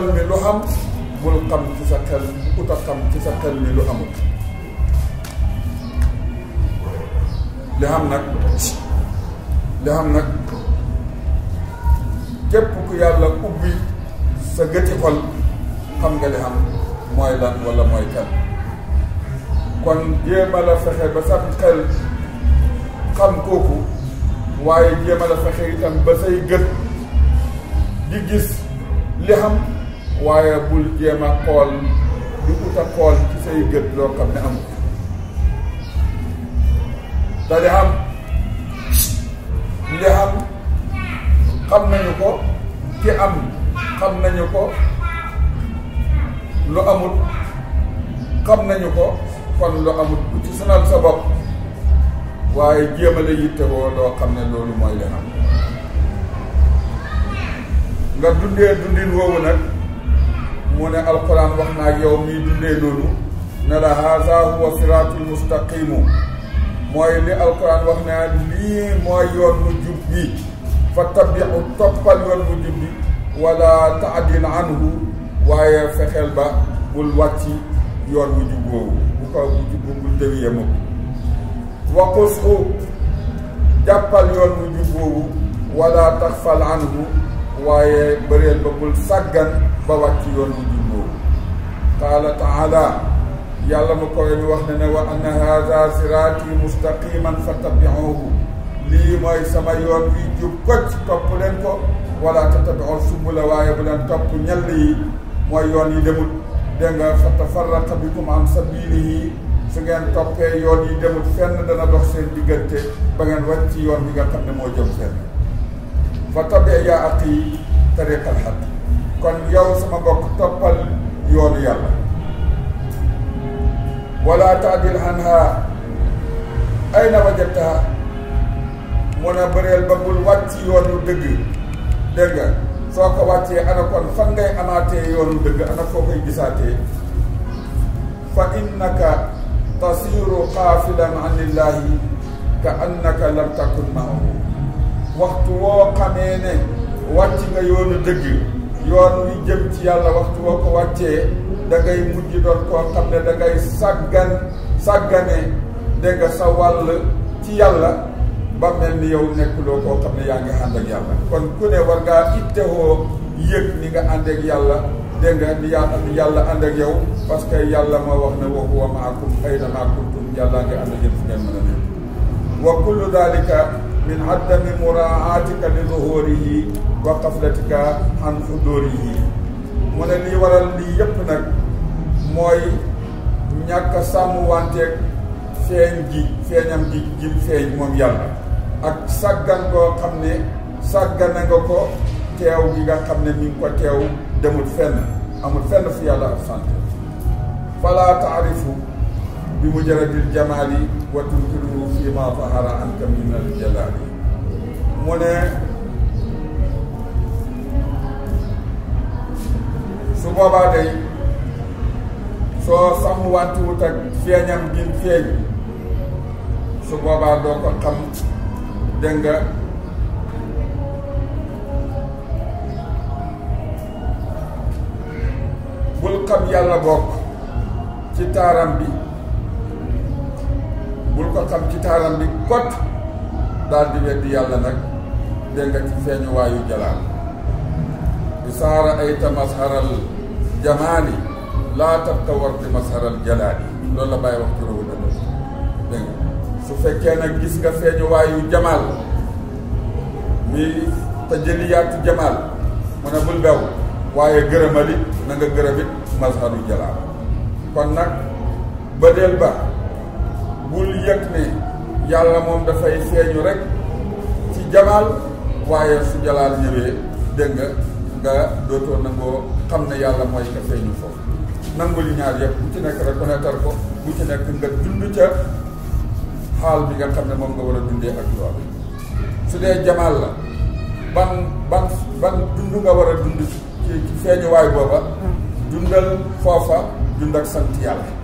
xel mi lu am bul xam ci sa xel ut a xam ci sa xel mi lu amut li xam nag li xam nag képp ku yàlla ubbi sa gëti xol xam nga li xam mooy lan wala mooy kan kon jéema la fexe ba sa xel xam kooku waaye jéema la fexe itam ba say gët di gis li xam waaye bul jéem a xool di ut a xool ci say gët loo xam ne amul te li xam li xam xam nañu ko ci am xam nañu ko lu amul xam nañu ko kon lu amul ku ci sanal sa bopp waaye jéem a la yittewoo loo xam ne loolu mooy li xam nga dundee dundin woowu nag mu ne alquran wax naa yow miy dundee loolu ne la huwa siraatul mustaqimu mooy li alquran wax naa lii mooy yoon mu jub bi fa tabiu toppal yoon mu jub bi wala anhu waaye fexeel ba bul wàcci yoon mu jub boobu bu ko bu jub bul déwiyee mukk jàppal yoon mu jub boobu taxfal anhu waaye bëreel ba bul sàggan ba ci yoon wu jub boobu qaala taala yàlla ma koy mi wax ne ne a anna haada siraati mustaqiman fattabiuhu lii mooy sama yoon wi jub kocc topp leen ko wala tattabiu subula waaye bu leen topp ñell yi mooy yoon yi demut dégg nga fatafarraqa bikum an sabilihi su ngeen toppee yoon yi demut fenn dana dox seen diggante ba ngeen wàcc yoon bi nga xam ne moo jëm fenn fa tabi yaa aqi tariqal xaq kon yow sama bokk toppal yoonu yàlla wala taadil anha ay na wajataha mun a bëreel ba bul wàcc yoonu dëgg dégg soo ko wàccee ana kon fan ngay amaatee yoonu dëgg ana foo koy gisaatee fa innaka tasiru xaafilan anillaahi ka annaka lam takun maahu waxtu woo xamee ne wàcc nga yoonu dëgg yoon wi jëm ci yàlla waxtu boo ko wàccee da ngay mujj doon koo xam ne da ngay sàggan sàggane dégg nga sa wàll ci yàlla ba mel ni yow nekkuloo koo xam ne yaa ngi ànd ak yàlla kon ku ne war ngaa ittewoo yëg ni nga ànd ak yàlla dégg nga ni yàlla yàlla ànd ak yow parce que yàlla ma wax ne wa huwa maakum na ma kuntum yàlla nga ànd ak yéen fu ngeen a nekk wa kullu daalika من عدم مراعاتك لظهوره وقفلتك عن حضوره mu ne lii waral lii yépp nag mooy ñàkk a sàmm wanteeg feeñ gi feeñam gi jim feeñ moom yàlla ak sàggan koo xam ne sàggan na nga ko teew gi nga xam ne ni ngi ko teew demul fenn amul fenn fu yàlla ab sant taarifu bi mu jëradil watulkilu fii ma fahara anka min al jalaali mu ne su boobaa day soo sàmm wantuwut ak feeñam gin feeñ su boobaa doo ko xam dégg bul xam yàlla bokk ci taaram bi bul ko xam ci taaram bi kot daal di weddi yàlla nag dégg nga ci feeñuwaayu jalaal di saara ay ta masharal jamaali laa tattawar di masharal jalaali loolu la bàyyi wax ci rawu dana dégg su fekkee nag gis nga feeñuwaayu jamaal mi tajaliyaatu jamaal mu ne bul bew waaye gërëmali na gërëmit masharu jalaal kon nag ba ba bul yëg ne yàlla moom dafay feeñu rek ci jamaal waaye su jalaal ñëwee dégg nga nga dootoo nangoo xam ne yàlla mooy ka feeñu foofu nangu li ñaar yëpp bu ci nekk rek connaître ko bu ci nekk nga dund ca xaal bi nga xam ne moom nga war a dundee ak loolu su dee jamaal la ban ban ban dund nga war a dund ci ci feeñuwaay booba dundal foofa dund ak sant yàlla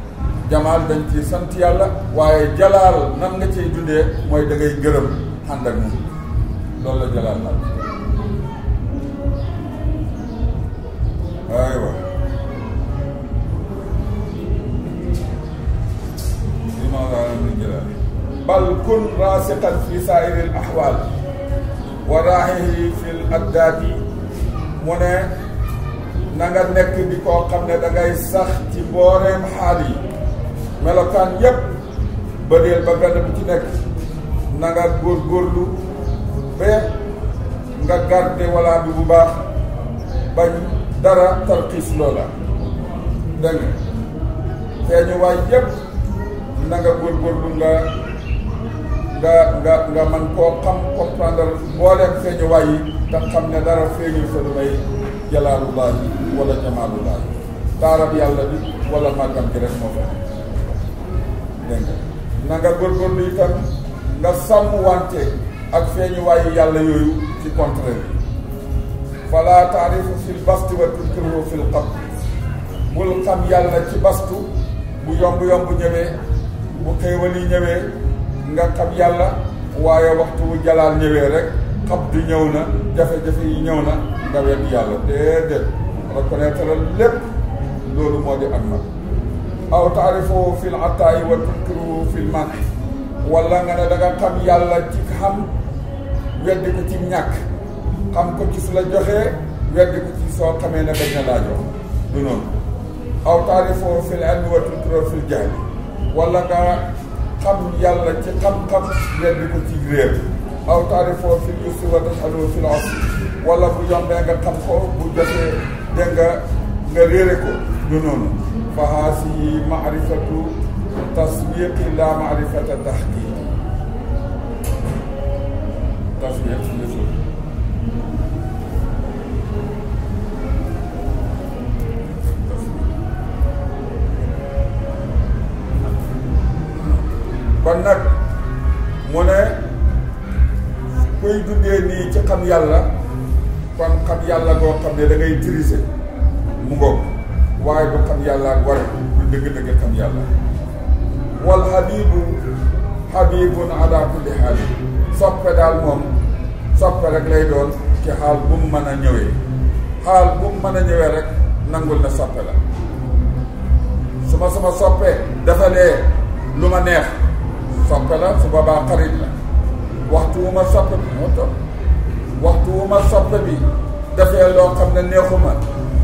jamaal dañ fi sant yàlla waaye jalaal nan nga ciy dundee mooy da gërëm ànd ak moom loolu la jalaal la aywa li ma la ni jalaal bal kun fi saa'iri al ahwaal wa fi l addaati mu ne na nga nekk di koo xam ne da ngay sax ci booreem xaal yi melokaan yépp ba deel ba benn bu ci nekk na nga góor góorlu ba nga garde wala bi bu baax bañ dara tarxiis loola dégg nga feeñu waay yépp na nga góor góorlu nga nga nga nga man koo xam comprendre mbooleem feeñu waay yi te xam ne dara feeñul sa lu may jalaalullaahi wala jamaalullaahi taarab yàlla bi wala màggam gi rek moo fa dégg na nga góorgóorlu itam nga sàmm wante ak feeñuwaayu yàlla yooyu ci contraire bi fala fil basti wa tunkiru fil xab bul xam yàlla ci bastu bu yomb-yomb ñëwee bu xéewal yi nga xam yàlla waaye waxtu bu jalaal ñëwee rek xab du ñëw na jafe-jafe yi ñëw na nga wedd yàlla déedéet reconnaître lépp loolu moo di ak nag aw taarifu fil ataayi wa tunkiru fil man'i wala nga ne da xam yàlla ci xam weddi ko ci ñàkk xam ko ci su la joxee weddi ko ci soo xamee na laa jox du noonu aw taarifu fil ilmi wa nga xam yàlla ci xam-xam weddi ko ci réer aw taarifu fil yusri wa tajalu fil usri wala bu yombee nga xam ko bu jotee dégg nga réere ko du noonu fa haasihi maarifatu taswiqi la maarifata tahqiq taswiq lësul kon nag mu ne kuy dundee nii ci xam yàlla kon xam yàlla goo xam ne da ngay mu ngoog waaye du xam yàlla ak war du dëgg-dëgg xam yàlla wal habibu habibun ala kulli haal soppe daal moom soppe rek lay doon ci xaal bu mu mën a ñëwee xaal bu mu mën a ñëwee rek nangul na soppe la su ma sama soppe dafa lu ma neex soppe la su boobaa xarit la waxtu soppe bi moo topp waxtu soppe bi dafee loo xam ne neexuma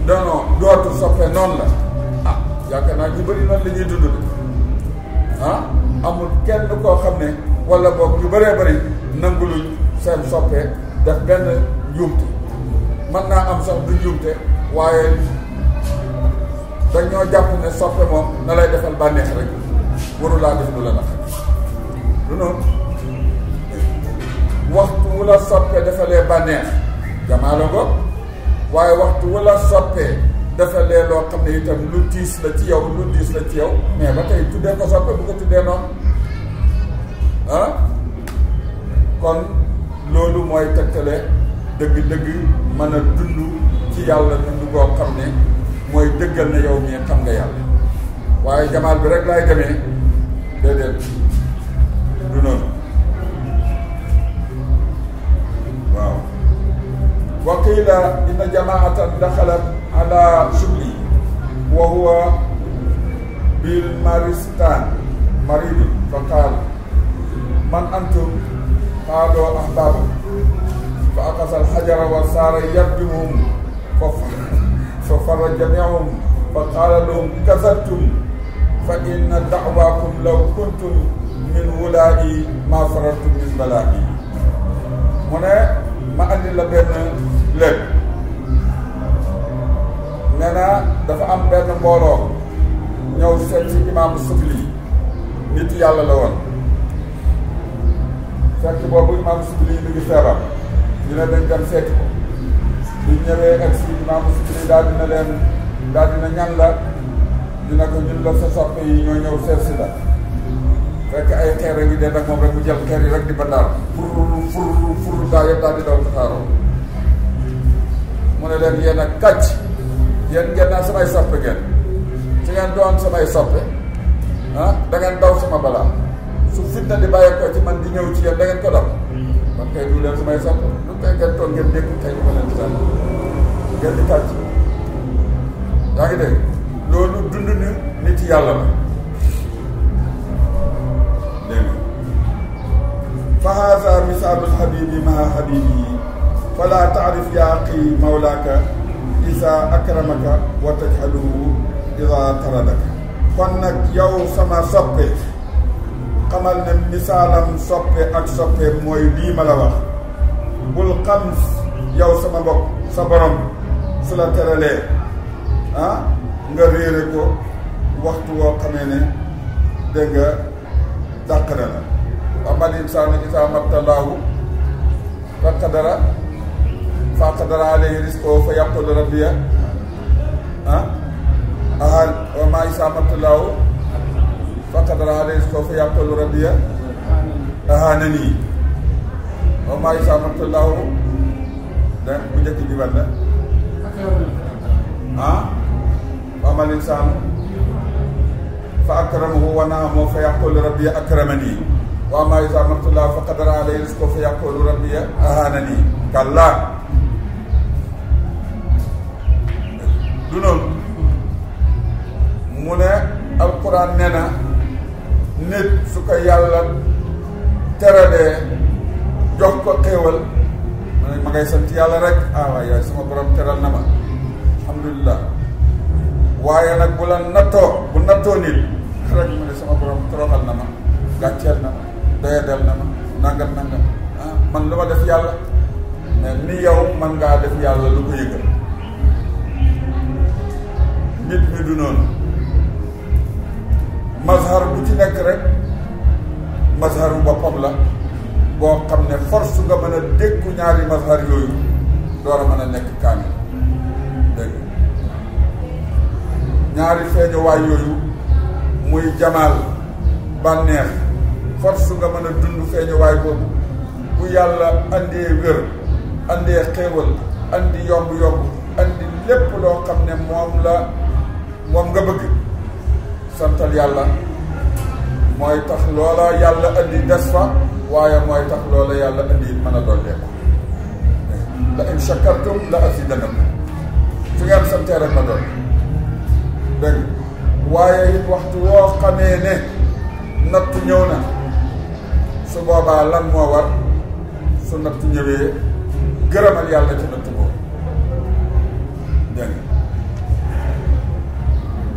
non non dootul soppe noonu la ah yaakaar naa ñu bëri noonu la ñuy dund ah amul kenn koo xam ne walla boog ñu bëree bëri nanguluñ seen soppe def benn njuumte mën naa am sax du njuumte waaye dañoo jàpp ne soppe moom na lay defal bànneex rek warulaa def lu la nax du noonu waxtu la soppe defalee bànneex jamaalo ko waaye waxtu wala soppee dafa lee loo xam ne itam lu diis la ci yow lu diis la ci yow mais ba tey tuddee ko soppe bu ko tuddee noonu ah kon loolu mooy tegtale dëgg-dëgg mën a dund ci yàlla dund goo xam ne mooy dëggal na yow mii xam nga yàlla waaye jamaal bi rek laay demee déedéet du noonu wa qiila inna jamaatan daxalat ala shugli wa huwa bil maristan maridin fa qaal man antum qaaloo ahbaabu fa aqasa alxajara wa saara yabdihum fa farra jamiuhum fa qaala lahum kasabtum fa inna da'waakum law kuntum min wulaa'i maa farartum min balaa'i mu ne ma andi la benn lépp nee na dafa am benn mbooloo ñëw seet ci imaamu Sufli nit yàlla la woon fekk boobu imaamu Sufli mi ngi feebar ñu ne dañ dem ko bu ñëwee ak si imaamu Sufli daal dina leen daal dina ñan la dina ko ñun la sa soppe yi ñoo ñëw seet si la fekk ay xeer rek ñu dee nag rek mu jël xeer yi rek di bandaar fur fur fur daa yëpp daal di daw tasaaroo mu ne leen yéen a kàcc yéen ngeen naa samay soppe ngeen ci ngeen doon samay soppe ah da ngeen daw sama balaa su fitna di bàyyi ko ci man di ñëw ci yéen da ngeen ko daw man kay du leen samay soppe lu koy ngeen toog ngeen dégg ma leen sant ngeen di kàcc yaa ngi dégg loolu ni nit yàlla la bi mawlaaka isa akramaka wa tajhaluhu ida taradaka kon nag yow sama soppe xamal ne misaalam soppe ak soppe mooy lii ma la wax bul xam yow sama mbokk sa borom su la teralee ah nga réere ko waxtu woo xamee ne dégg nga dàq na la amal mabtalaahu fa فقدر عليه رزقه فيقول ربي أهل وما إسامت الله فقدر عليه رزقه فيقول ربي أهانني وما إسامت الله da bu njëkk bi ban la ah amal insaan fa akramahu wa naamahu fa yaqulu rabbi akramani wa ma yusammatullah fa qadara alayhi rizqahu fa yaqulu rabbi ahanani kallaa du mu ne alquran nee na nit su ko yàlla teralee jox ko xéewal ma ne ma ngay sant yàlla rek ah waaye yaay sama borom teral na ma alhamdulilah waaye nag bu la nattoo bu nattoo nit rek mu ne sama borom toroxal na ma gàcceel na ma doyadal na ma nangam nangam ah man lu ma def yàlla mais ni yow man ngaa def yàlla lu ko yëgal nit ñi du noonu mazhar bu ci nekk rek mazharu boppam la boo xam ne force nga mën a déggu ñaari mazhar yooyu door a mën a nekk kaamil ñaari feeñuwaay yooyu muy jamaal bànneex force nga mën a dund feeñuwaay boobu bu yàlla andee wér andee xéewal andi yomb-yomb andi lépp loo xam ne moom la moom nga bëgg santal yàlla mooy tax loola yàlla indi des fa waaye mooy tax loola yàlla indi mën a dolleeku la in shakartum la azidannakum fi ngeen santee rek doon dégg waaye it waxtu woo xamee ne natt ñëw na su boobaa lan moo war su natt ñëwee gërëmal yàlla ci natt boobu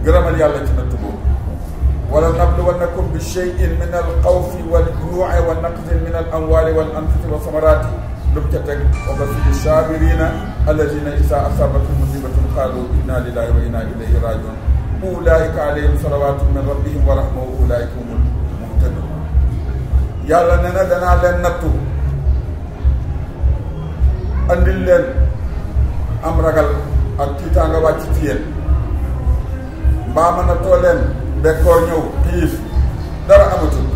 gërëmal yàlla ci natt boobu wala nabluwannakum bi shay'in min al xawfi wal juu'i wa naqsin min al amwaali wal anfusi wa samaraati lu mu ca teg wa basiri saabirina alladina isaa asabatum musibatun qaalu inna lillahi wa inna ilayhi rajiun ulaika alayhim salawatun min rabbihim wa rahma wa ulaika humul muhtadun yàlla nee na danaa leen nattu andil leen am ragal ak tiitaanga wàcc ci yéen mbaa mën a too leen bekkoo ñëw xiif dara amatul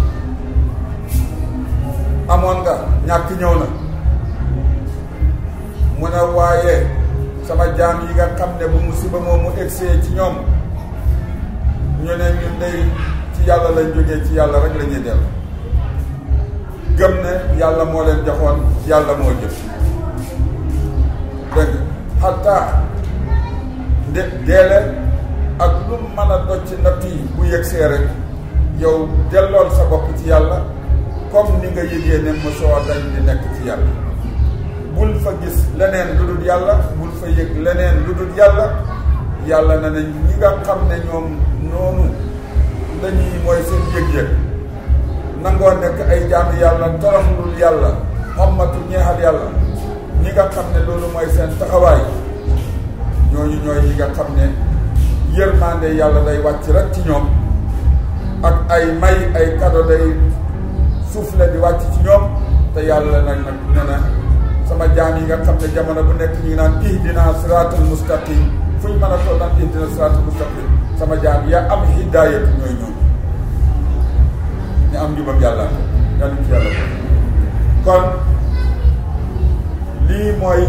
amoon nga ñàkk ñëw na mu ne waaye sama jaam yi nga xam ne bu musiba moom mu egsee ci ñoom ñu ne ñun day ci yàlla lañ jógee ci yàlla rek lañuy ñuy del gëm ne yàlla moo leen joxoon yàlla moo jëf dégg xataa dé deeleen ak lu mën a doj ci natt yi bu yëgsee rek yow dellool sa bopp ci yàlla comme ni nga yëgee ne mosoo dañ di nekk ci yàlla bul fa gis leneen lu dul yàlla bul fa yëg leneen lu dul yàlla yàlla na ne ñi nga xam ne ñoom noonu lañuy mooy seen yëg-yëg nangoo nekk ay jaam yàlla toroxlul yàlla xammatu ñeexal yàlla ñi nga xam ne loolu mooy seen taxawaay ñooñu ñooy ñi nga xam ne yërmande yàlla day wàcc rek ci ñoom ak ay may ay kado day soufflé di wàcc ci ñoom te yàlla nag nag ne na sama jaan yi nga xam ne jamono bu nekk ñu ngi naan ihdina siratal mustaqim fu ñu mën a toll naan ihdina siratal mustaqim sama jaam yaa am hidaayatu ñooy ñoom ñu am jubam yàlla yàlla ci yàlla kon lii mooy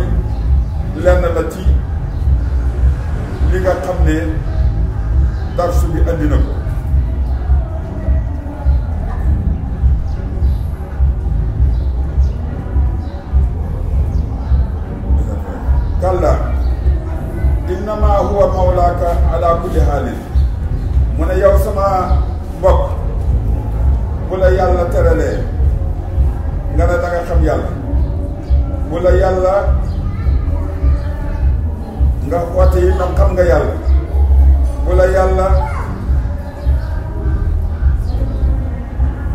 lenn la ci li nga xam ne dars bi andi na ko kalla innama huwa mawlaaka ala kulli haalin mu ne yow sama mbokk bu la yàlla teralee nga ne da xam yàlla bu la yàlla nga woote yi xam nga yàlla bu la yàlla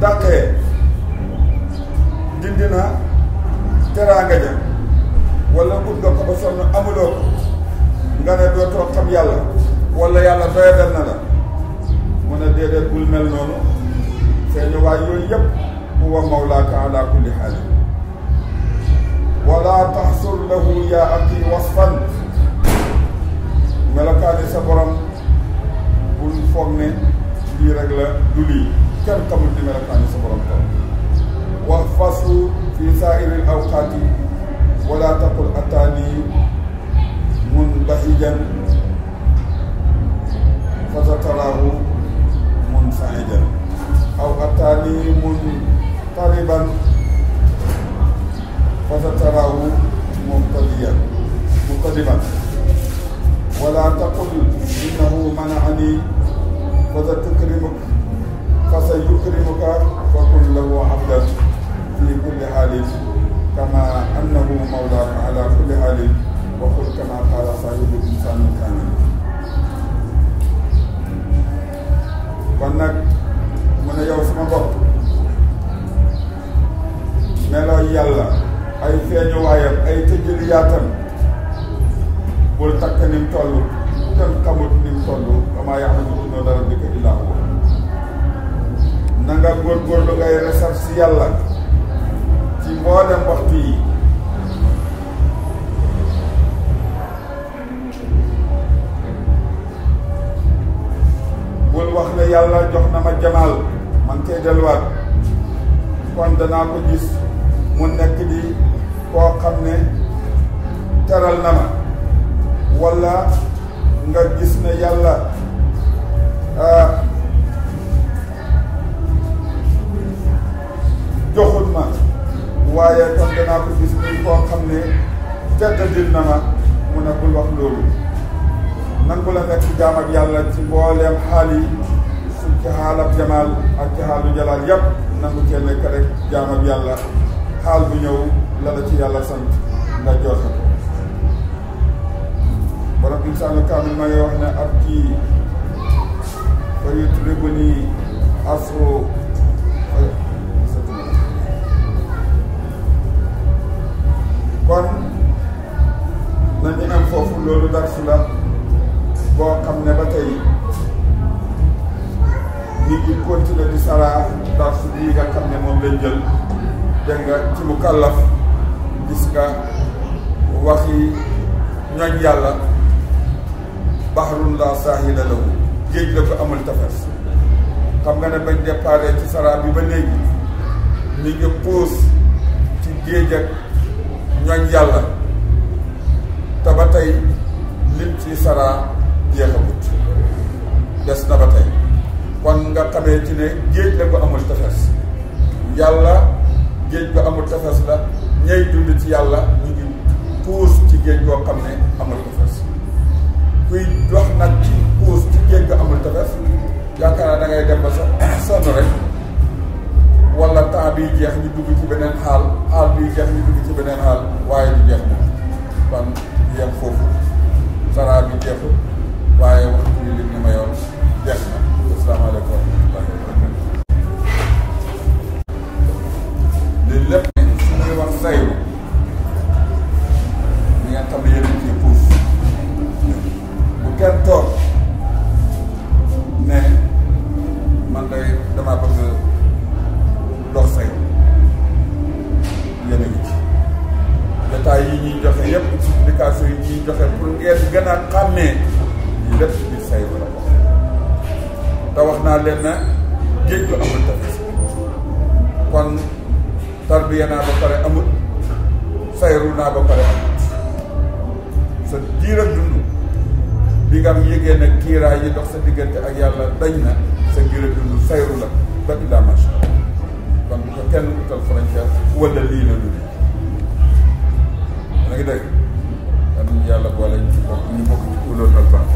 dàqee dindi na teraanga ja wala ut nga ko ba sonn amuloo ko nga ne doo xam yàlla wala yàlla doyadal na la mu ne déedéet bul mel noonu seeni waay yooyu yëpp huwa mawlaaka ala kulli xaal wala taxsur lahu yaa aki wasfan melokaani sa borom bu ñu ne lii rek la du lii kenn xamul di melokaan yi sa wax fasu fi saairil awqaati wala taqul ataani mun basijan fasataraahu mun saijan aw ataani mun tariban fasataraahu mun tadiyan mun tadiban wala taqul innahu manaani وذكرك فسيكرمك yàlla jox na ma jamaal man cee delluwaat kon danaa ko gis mu nekk di koo xam ne teral na ma wala nga gis ne yàlla ah, joxut ma waaye kon danaa ko gis ni koo xam ne teddadil na ma mu ne wax loolu nangu la nekk jaam yàlla ci mbooleem xaal yi xaalab jamaal ak xaalu jalaal yëpp nangu cee nekk rek jaamab yàlla xaal bu ñëw la la ci yàlla sant nga joxe ko borom insaanu kaamil ma ngi wax ne kon nañu am foofu loolu darsu boo xam ne ba tey ñu ngi nga xam moom lañ jël ci mu kàllaf gis nga yàlla bahrun la saahila géej amul tefes nga ne bañ déparé ci ba léegi ñu ak ñooñ yàlla te ba tey ci sara jeexagut des na ba tey kon nga xamee ci ne géej la bu amul tefes yàlla géej bu amul tefes la ñay dund ci yàlla ñu ngi puus ci géej goo xam ne amul tefes kuy wax nag ci puus ci géej gu amul tefes yaakaar naa da ngay dem ba sax sonn rek wala temps jeex ñu dugg ci beneen xaal xaal biy jeex ñu dugg ci beneen xaal waaye du jeex moom kon yem foofu saraa bi jeexul waaye wax ñu lim ni ma yoon kenn toog ne man day damaa bëgg dox say yéen a ngi ci détails yi ñuy joxe pour ngeen gën a xàmmee yi lépp di say wala ko te wax naa leen na géej lu amul tafis kon tarbiya naa ba pare amul sayru naa ba pare amul sa diiram dund bi nga yëgee nag kiiraay yi dox sa diggante ak yàlla dañ na sa ngir dund sayru la ba ilaa macha allah kon bu ko kenn utal frontière wala lii la dund da nga dégg. am yàlla boole ñu bokk ñu bokk ci ulul albab